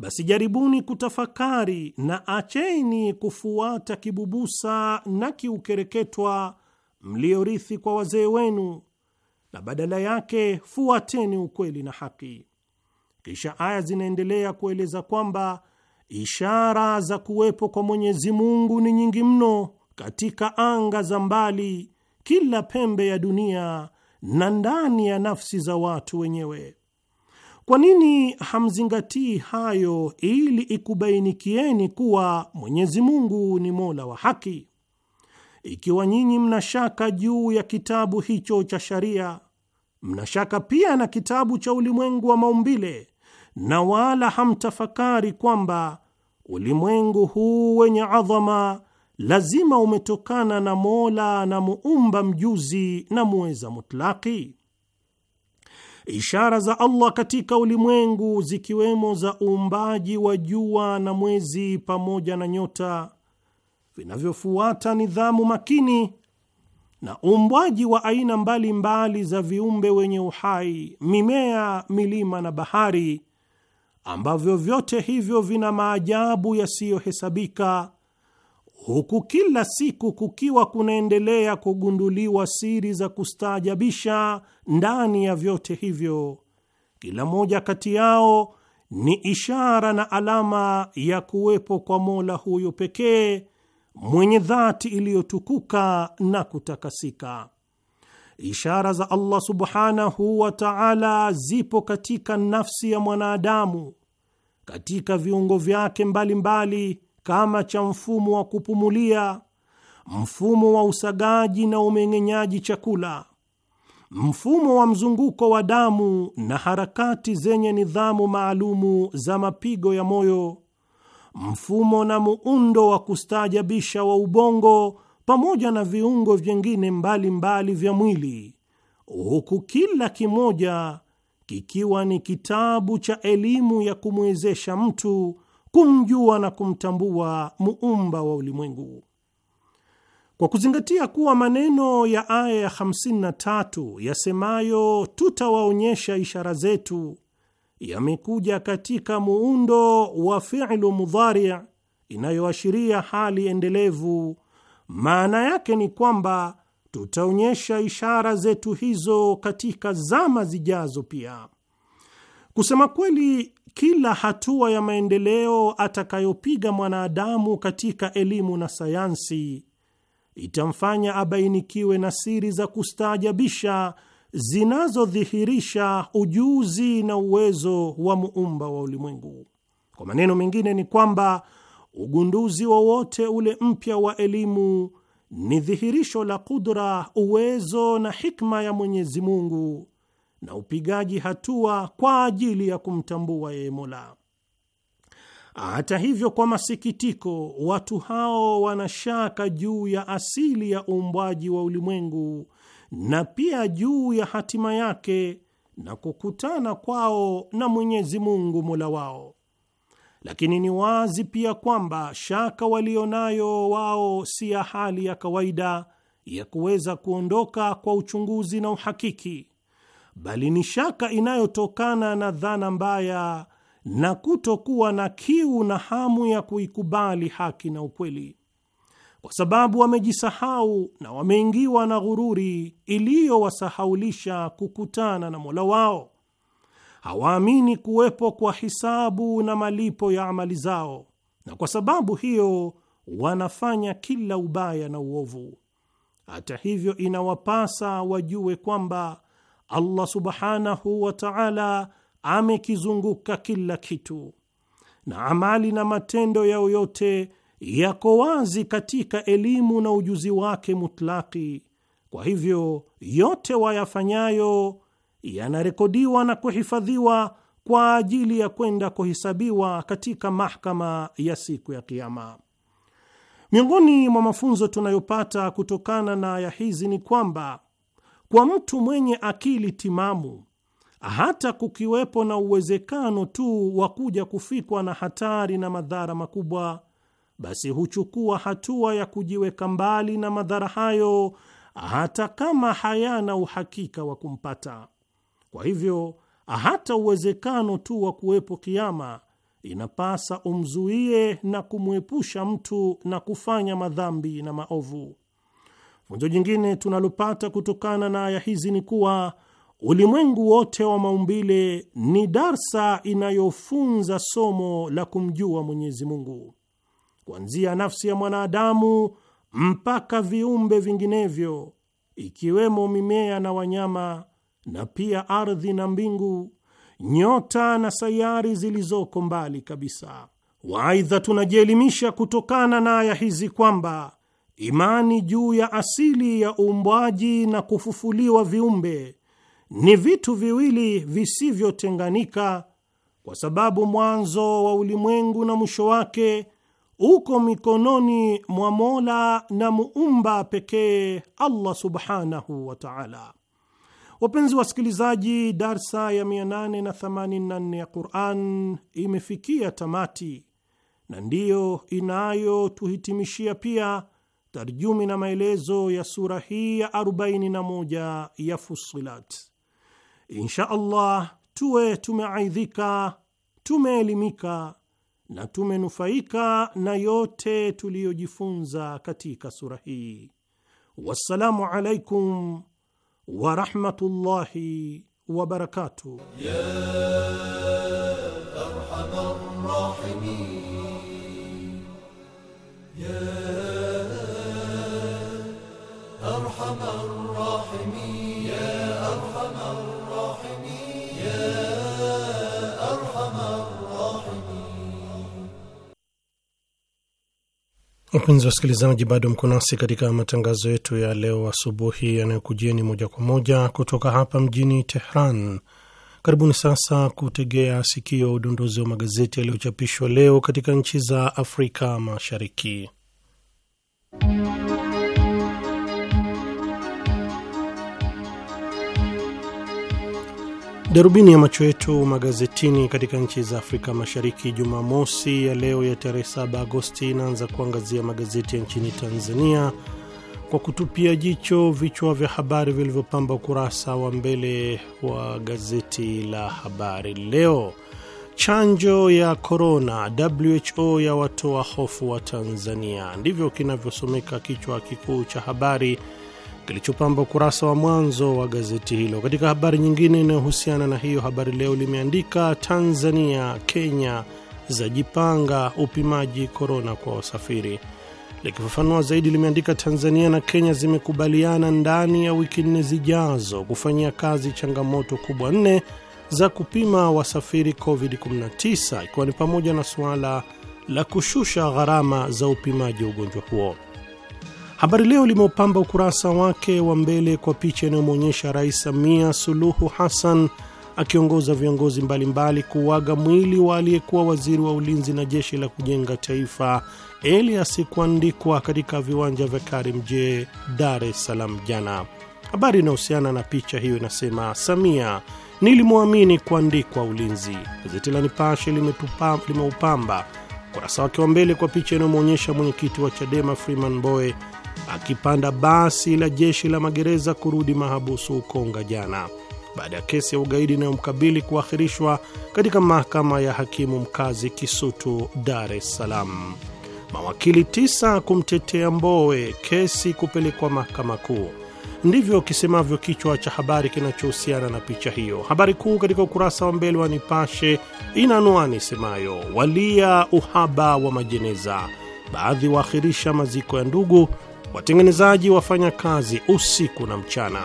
basi jaribuni kutafakari na acheni kufuata kibubusa na kiukereketwa mliorithi kwa wazee wenu, na badala yake fuateni ukweli na haki. Kisha aya zinaendelea kueleza kwamba ishara za kuwepo kwa Mwenyezi Mungu ni nyingi mno katika anga za mbali, kila pembe ya dunia na ndani ya nafsi za watu wenyewe. Kwa nini hamzingatii hayo ili ikubainikieni kuwa Mwenyezi Mungu ni Mola wa haki? Ikiwa nyinyi mnashaka juu ya kitabu hicho cha sharia, mnashaka pia na kitabu cha ulimwengu wa maumbile, na wala hamtafakari kwamba ulimwengu huu wenye adhama lazima umetokana na Mola na muumba mjuzi na muweza mutlaki. Ishara za Allah katika ulimwengu zikiwemo za uumbaji wa jua na mwezi pamoja na nyota vinavyofuata nidhamu makini na uumbwaji wa aina mbalimbali mbali za viumbe wenye uhai, mimea, milima na bahari, ambavyo vyote hivyo vina maajabu yasiyohesabika huku kila siku kukiwa kunaendelea kugunduliwa siri za kustaajabisha ndani ya vyote hivyo. Kila moja kati yao ni ishara na alama ya kuwepo kwa Mola huyo pekee mwenye dhati iliyotukuka na kutakasika. Ishara za Allah subhanahu wa ta'ala zipo katika nafsi ya mwanadamu, katika viungo vyake mbalimbali mbali, kama cha mfumo wa kupumulia, mfumo wa usagaji na umeng'enyaji chakula, mfumo wa mzunguko wa damu na harakati zenye nidhamu maalumu za mapigo ya moyo, mfumo na muundo wa kustaajabisha wa ubongo pamoja na viungo vyengine mbalimbali vya mwili, huku kila kimoja kikiwa ni kitabu cha elimu ya kumwezesha mtu kumjua na kumtambua muumba wa ulimwengu. Kwa kuzingatia kuwa maneno ya aya ya 53 yasemayo tutawaonyesha ishara zetu yamekuja katika muundo wa fi'lu mudhari inayoashiria hali endelevu, maana yake ni kwamba tutaonyesha ishara zetu hizo katika zama zijazo pia. Kusema kweli, kila hatua ya maendeleo atakayopiga mwanadamu katika elimu na sayansi itamfanya abainikiwe na siri za kustaajabisha zinazodhihirisha ujuzi na uwezo wa muumba wa ulimwengu. Kwa maneno mengine, ni kwamba ugunduzi wowote ule mpya wa elimu ni dhihirisho la kudra, uwezo na hikma ya Mwenyezi Mungu na upigaji hatua kwa ajili ya kumtambua yeye Mola. Hata hivyo, kwa masikitiko, watu hao wanashaka juu ya asili ya uumbwaji wa ulimwengu na pia juu ya hatima yake na kukutana kwao na Mwenyezi Mungu Mola wao. Lakini ni wazi pia kwamba shaka walionayo wao si ya hali ya kawaida ya kuweza kuondoka kwa uchunguzi na uhakiki, bali ni shaka inayotokana na dhana mbaya na kutokuwa na kiu na hamu ya kuikubali haki na ukweli, kwa sababu wamejisahau na wameingiwa na ghururi iliyowasahaulisha kukutana na Mola wao. Hawaamini kuwepo kwa hisabu na malipo ya amali zao, na kwa sababu hiyo wanafanya kila ubaya na uovu. Hata hivyo, inawapasa wajue kwamba Allah subhanahu wa ta'ala amekizunguka kila kitu, na amali na matendo yao yote yako wazi katika elimu na ujuzi wake mutlaki. Kwa hivyo yote wayafanyayo yanarekodiwa na kuhifadhiwa kwa ajili ya kwenda kuhesabiwa katika mahakama ya siku ya Kiyama. Miongoni mwa mafunzo tunayopata kutokana na aya hizi ni kwamba kwa mtu mwenye akili timamu, hata kukiwepo na uwezekano tu wa kuja kufikwa na hatari na madhara makubwa, basi huchukua hatua ya kujiweka mbali na madhara hayo, hata kama hayana uhakika wa kumpata. Kwa hivyo, hata uwezekano tu wa kuwepo kiama inapasa umzuie na kumwepusha mtu na kufanya madhambi na maovu. Funzo jingine tunalopata kutokana na aya hizi ni kuwa ulimwengu wote wa maumbile ni darsa inayofunza somo la kumjua Mwenyezi Mungu, kuanzia nafsi ya mwanadamu mpaka viumbe vinginevyo, ikiwemo mimea na wanyama, na pia ardhi na mbingu, nyota na sayari zilizoko mbali kabisa. Waaidha, tunajielimisha kutokana na aya hizi kwamba imani juu ya asili ya uumbwaji na kufufuliwa viumbe ni vitu viwili visivyotenganika, kwa sababu mwanzo wa ulimwengu na mwisho wake uko mikononi mwa Mola na muumba pekee, Allah subhanahu wa taala. Wapenzi wasikilizaji, darsa ya 884 ya Quran imefikia tamati na ndiyo inayotuhitimishia pia tarjumi na maelezo ya sura hii ya 41 ya Fussilat. Insha Allah tuwe tumeaidhika, tumeelimika na tumenufaika na yote tuliyojifunza katika sura hii. Wassalamu alaikum warahmatullahi wabarakatuh. Wapenzi wasikilizaji, bado mko nasi katika matangazo yetu ya leo asubuhi yanayokujieni moja kwa moja kutoka hapa mjini Tehran. Karibuni sasa kutegea sikio udondozi wa magazeti yaliyochapishwa leo katika nchi za Afrika Mashariki. Darubini ya macho yetu magazetini katika nchi za Afrika Mashariki Jumamosi ya leo ya tarehe 7 Agosti inaanza kuangazia magazeti ya nchini Tanzania kwa kutupia jicho vichwa vya habari vilivyopamba ukurasa wa mbele wa gazeti la Habari Leo. Chanjo ya korona, WHO ya watoa hofu wa Tanzania, ndivyo kinavyosomeka kichwa kikuu cha habari kilichopamba ukurasa wa mwanzo wa gazeti hilo. Katika habari nyingine inayohusiana na hiyo, Habari Leo limeandika Tanzania, Kenya zajipanga upimaji korona kwa wasafiri. Likifafanua zaidi limeandika Tanzania na Kenya zimekubaliana ndani ya wiki nne zijazo kufanyia kazi changamoto kubwa nne za kupima wasafiri COVID-19 ikiwa ni pamoja na suala la kushusha gharama za upimaji wa ugonjwa huo. Habari Leo limeupamba ukurasa wake wa mbele kwa picha inayomwonyesha Rais Samia Suluhu Hassan akiongoza viongozi mbalimbali kuuaga mwili wa aliyekuwa waziri wa ulinzi na jeshi la kujenga taifa Elias Kuandikwa katika viwanja vya Karimjee, Dar es Salaam jana. Habari inayohusiana na picha hiyo inasema, Samia nilimwamini Kuandikwa ulinzi. Gazeti la Nipashe limeupamba ukurasa wake wa mbele kwa picha inayomwonyesha mwenyekiti wa Chadema Freeman Mbowe akipanda basi la jeshi la magereza kurudi mahabusu Ukonga jana baada ya kesi ya ugaidi inayomkabili kuahirishwa katika mahakama ya hakimu mkazi Kisutu, Dar es Salaam. Mawakili tisa kumtetea Mbowe, kesi kupelekwa mahakama kuu. Ndivyo kisemavyo kichwa cha habari kinachohusiana na picha hiyo. Habari kuu katika ukurasa wa mbele wa Nipashe ina anwani semayo, walia uhaba wa majeneza baadhi waahirisha maziko ya ndugu, watengenezaji wafanya kazi usiku na mchana.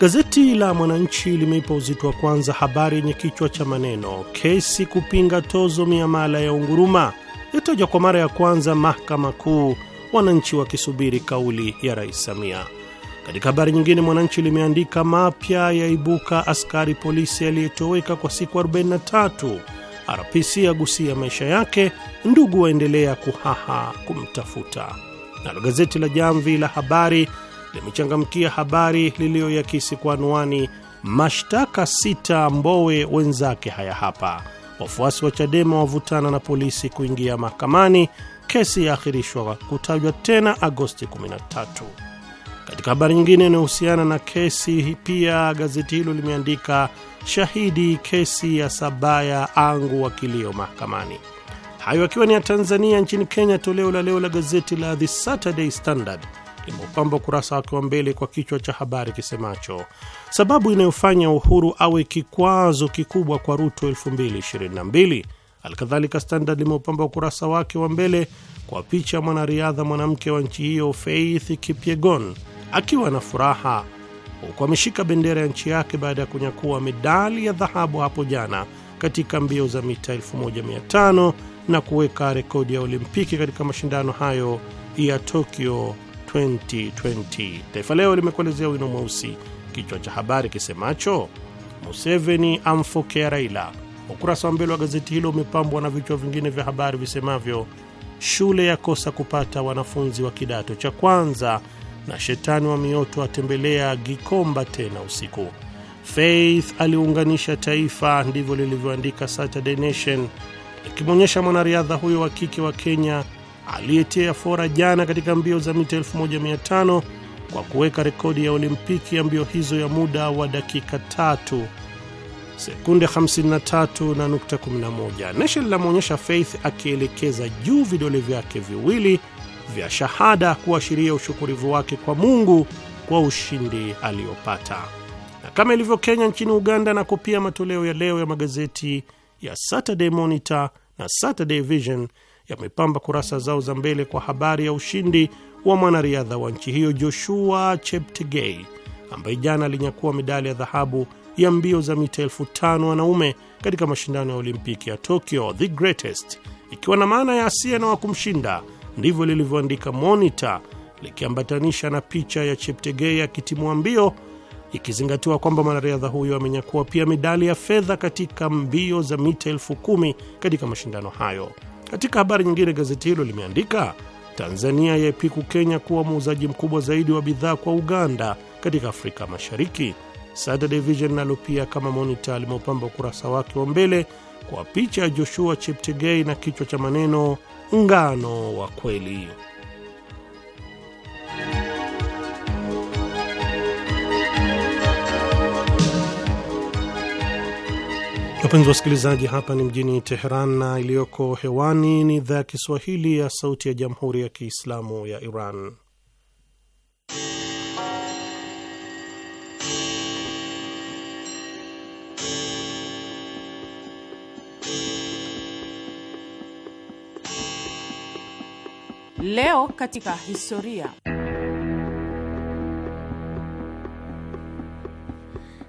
Gazeti la Mwananchi limeipa uzito wa kwanza habari yenye kichwa cha maneno kesi kupinga tozo miamala ya unguruma yatajwa kwa mara ya kwanza mahakama kuu, wananchi wakisubiri kauli ya Rais Samia. Katika habari nyingine, Mwananchi limeandika mapya yaibuka, askari polisi aliyetoweka kwa siku 43 RPC agusia maisha yake, ndugu waendelea kuhaha kumtafuta. Nalo gazeti la Jamvi la Habari limechangamkia habari liliyoyakisi kwa anwani mashtaka sita, Mbowe wenzake haya hapa. Wafuasi wa Chadema wavutana na polisi kuingia mahakamani, kesi yaahirishwa kutajwa tena Agosti 13. Katika habari nyingine inayohusiana na kesi pia, gazeti hilo limeandika shahidi kesi ya Sabaya angu wakilio mahakamani. Hayo akiwa ni ya Tanzania. Nchini Kenya, toleo la leo la gazeti la The Saturday Standard limeupamba ukurasa wake wa mbele kwa kichwa cha habari kisemacho sababu inayofanya Uhuru awe kikwazo kikubwa kwa Ruto 2022. Alkadhalika, Standard limeupamba ukurasa wake wa mbele kwa picha mwanariadha mwanamke wa nchi hiyo Faith Kipyegon akiwa na furaha huku ameshika bendera ya nchi yake baada ya kunyakua medali ya dhahabu hapo jana katika mbio za mita 1500 na kuweka rekodi ya Olimpiki katika mashindano hayo ya Tokyo 2020. Taifa Leo limekuelezea wino mweusi kichwa cha habari kisemacho Museveni amfokea Raila. Ukurasa wa mbele wa gazeti hilo umepambwa na vichwa vingine vya habari visemavyo shule yakosa kupata wanafunzi wa kidato cha kwanza na shetani wa mioto atembelea Gikomba tena usiku. Faith aliunganisha taifa, ndivyo lilivyoandika Saturday Nation likimwonyesha mwanariadha huyo wa kike wa Kenya aliyetia fora jana katika mbio za mita 1500 kwa kuweka rekodi ya Olimpiki ya mbio hizo ya muda wa dakika 3 sekunde 53 na nukta 11. Nation linamwonyesha Faith akielekeza juu vidole vyake viwili vya shahada kuashiria ushukurivu wake kwa Mungu kwa ushindi aliopata. Na kama ilivyo Kenya, nchini Uganda na kupia matoleo ya leo ya magazeti ya Saturday Monitor na Saturday Vision yamepamba kurasa zao za mbele kwa habari ya ushindi wa mwanariadha wa nchi hiyo Joshua Cheptegei ambaye jana alinyakua medali ya dhahabu ya mbio za mita elfu tano wanaume katika mashindano ya Olimpiki ya Tokyo, the greatest, ikiwa na maana ya asiye na wa kumshinda Ndivyo lilivyoandika Monitor likiambatanisha na picha ya Cheptegei akitimua mbio, ikizingatiwa kwamba mwanariadha huyo amenyakua pia medali ya fedha katika mbio za mita elfu kumi katika mashindano hayo. Katika habari nyingine, gazeti hilo limeandika Tanzania yaepiku Kenya kuwa muuzaji mkubwa zaidi wa bidhaa kwa Uganda katika Afrika Mashariki. Saturday Vision nalo pia kama Monita limeupamba ukurasa wake wa mbele kwa picha ya Joshua Cheptegei na kichwa cha maneno Ngano wa Kweli. Wapenzi wasikilizaji, hapa ni mjini Teheran na iliyoko hewani ni idhaa ya Kiswahili ya Sauti ya Jamhuri ya Kiislamu ya Iran. Leo katika historia.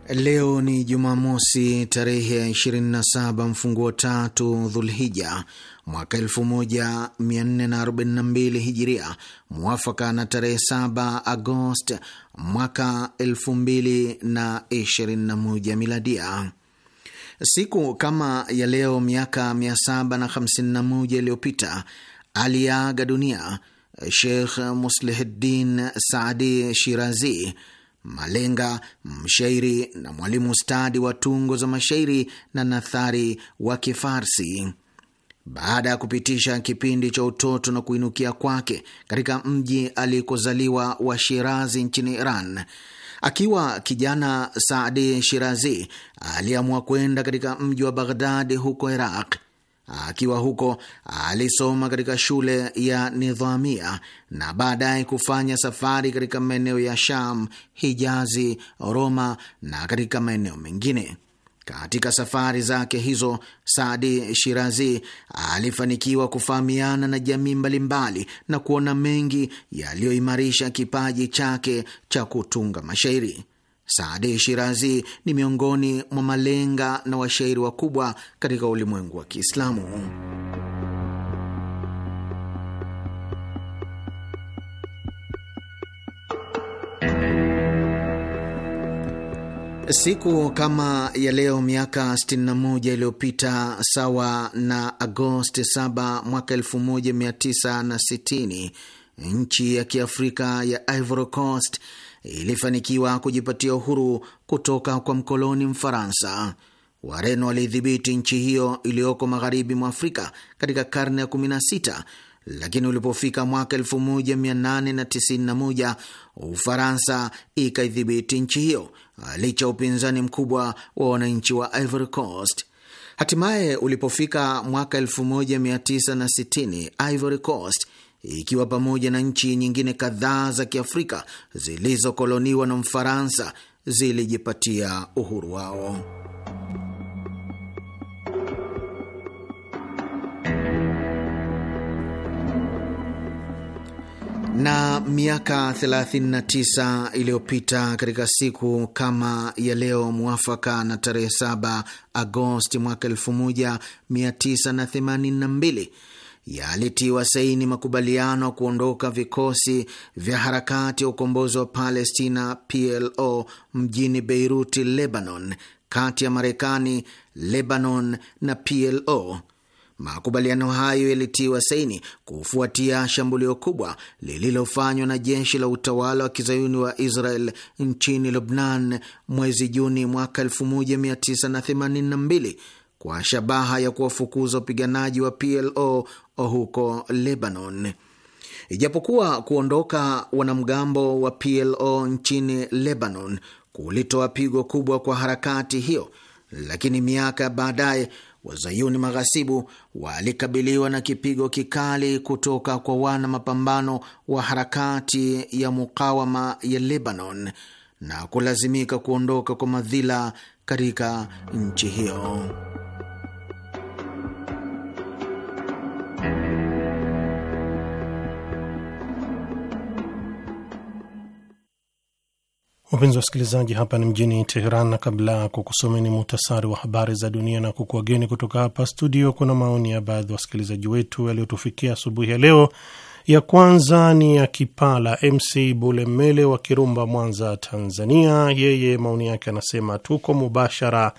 Leo ni Jumamosi tarehe ya 27 mfunguo tatu Dhulhija mwaka 1442 Hijiria, mwafaka na tarehe 7 agost mwaka 2021 Miladia. Siku kama ya leo miaka 751 iliyopita aliyeaga dunia Sheikh Muslihuddin Saadi Shirazi, malenga, mshairi na mwalimu stadi wa tungo za mashairi na nathari wa Kifarsi. Baada ya kupitisha kipindi cha utoto na kuinukia kwake katika mji alikozaliwa wa Shirazi nchini Iran, akiwa kijana Saadi Shirazi aliamua kwenda katika mji wa Baghdadi huko Iraq Akiwa huko alisoma katika shule ya Nidhamia na baadaye kufanya safari katika maeneo ya Sham, Hijazi, Roma na katika maeneo mengine. Katika safari zake hizo, sadi Shirazi alifanikiwa kufahamiana na jamii mbalimbali na kuona mengi yaliyoimarisha kipaji chake cha kutunga mashairi. Saadi Shirazi ni miongoni mwa malenga na washairi wakubwa katika ulimwengu wa Kiislamu. Siku kama ya leo miaka 61 iliyopita sawa na Agosti 7 mwaka 1960, nchi ya Kiafrika ya Ivory Coast ilifanikiwa kujipatia uhuru kutoka kwa mkoloni Mfaransa. Wareno walidhibiti nchi hiyo iliyoko magharibi mwa Afrika katika karne ya 16, lakini ulipofika mwaka 1891 Ufaransa ikaidhibiti nchi hiyo licha upinzani mkubwa wa wananchi wa Ivory Coast. Hatimaye ulipofika mwaka 1960 Ivory Coast ikiwa pamoja na nchi nyingine kadhaa za Kiafrika zilizokoloniwa na Mfaransa zilijipatia uhuru wao. Na miaka 39 iliyopita katika siku kama ya leo, mwafaka na tarehe 7 Agosti mwaka 1982 yalitiwa saini makubaliano ya kuondoka vikosi vya harakati ya ukombozi wa Palestina PLO mjini Beiruti, Lebanon, kati ya Marekani, Lebanon na PLO. Makubaliano hayo yalitiwa saini kufuatia shambulio kubwa lililofanywa na jeshi la utawala wa kizayuni wa Israel nchini Lubnan mwezi Juni mwaka 1982 kwa shabaha ya kuwafukuza wapiganaji wa PLO huko Lebanon. Ijapokuwa kuondoka wanamgambo wa PLO nchini Lebanon kulitoa pigo kubwa kwa harakati hiyo, lakini miaka ya baadaye wazayuni maghasibu walikabiliwa na kipigo kikali kutoka kwa wana mapambano wa harakati ya mukawama ya Lebanon na kulazimika kuondoka kwa madhila katika nchi hiyo. Wapenzi wasikilizaji, hapa ni mjini Teheran, na kabla ya kukusomeni muhtasari wa habari za dunia na kukuageni kutoka hapa studio, kuna maoni ya baadhi ya wasikilizaji wetu yaliyotufikia asubuhi ya leo ya kwanza ni ya Kipala MC Bulemele wa Kirumba, Mwanza, Tanzania. Yeye maoni yake anasema, tuko mubashara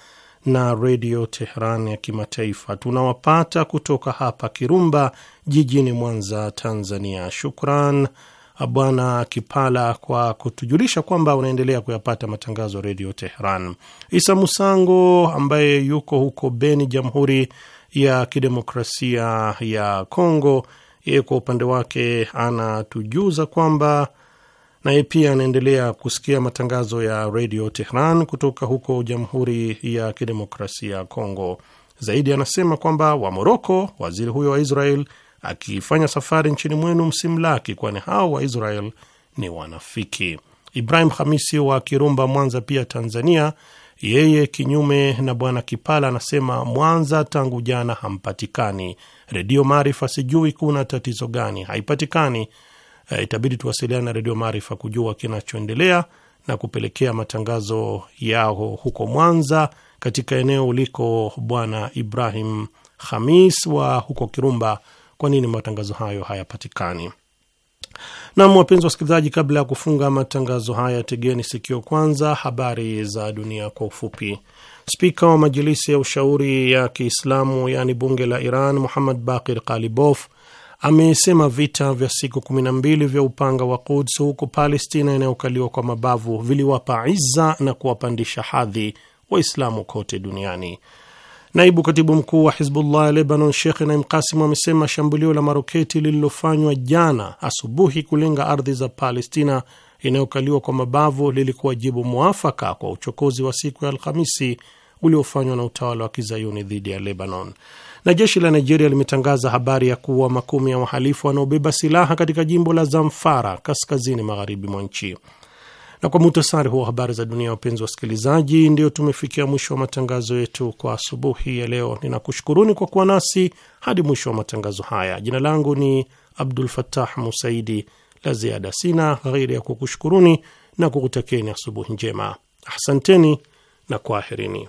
na redio Tehran ya kimataifa, tunawapata kutoka hapa Kirumba jijini Mwanza, Tanzania. Shukran Bwana Kipala kwa kutujulisha kwamba unaendelea kuyapata matangazo redio Tehran. Isa Musango ambaye yuko huko Beni, Jamhuri ya Kidemokrasia ya Kongo yeye kwa upande wake anatujuza kwamba naye pia anaendelea kusikia matangazo ya redio Tehran kutoka huko Jamhuri ya Kidemokrasia ya Kongo. Zaidi anasema kwamba Wamoroko, waziri huyo wa Israel akifanya safari nchini mwenu msimlaki, kwani hao wa Israel ni wanafiki. Ibrahim Hamisi wa Kirumba, Mwanza, pia Tanzania, yeye kinyume na bwana Kipala anasema Mwanza tangu jana hampatikani. Redio Maarifa sijui kuna tatizo gani, haipatikani. E, itabidi tuwasiliana na Redio Maarifa kujua kinachoendelea na kupelekea matangazo yao huko Mwanza, katika eneo uliko Bwana Ibrahim Hamis wa huko Kirumba, kwa nini matangazo hayo hayapatikani. Nam, wapenzi wasikilizaji, kabla ya kufunga matangazo haya, tegeni sikio kwanza habari za dunia kwa ufupi. Spika wa Majilisi ya Ushauri ya Kiislamu yaani bunge la Iran, Muhammad Bakir Kalibof amesema vita vya siku kumi na mbili vya upanga wa Quds huko Palestina inayokaliwa kwa mabavu viliwapa iza na kuwapandisha hadhi Waislamu kote duniani. Naibu katibu mkuu wa Hizbullah ya Lebanon, Shekh Naim Kasim, amesema shambulio la maroketi lililofanywa jana asubuhi kulenga ardhi za Palestina inayokaliwa kwa mabavu lilikuwa jibu mwafaka kwa uchokozi wa siku ya Alhamisi uliofanywa na utawala wa kizayuni dhidi ya Lebanon. Na jeshi la Nigeria limetangaza habari ya kuwa makumi ya wahalifu wanaobeba silaha katika jimbo la Zamfara, kaskazini magharibi mwa nchi. Na kwa muhtasari huo habari za dunia, wapenzi wa wasikilizaji, ndio tumefikia mwisho wa matangazo yetu kwa asubuhi ya leo. Ninakushukuruni kwa kuwa nasi hadi mwisho wa matangazo haya. Jina langu ni Abdul fatah Musaidi. La ziada sina ghairi ya kukushukuruni na kukutakeni asubuhi njema. Asanteni na kwaherini.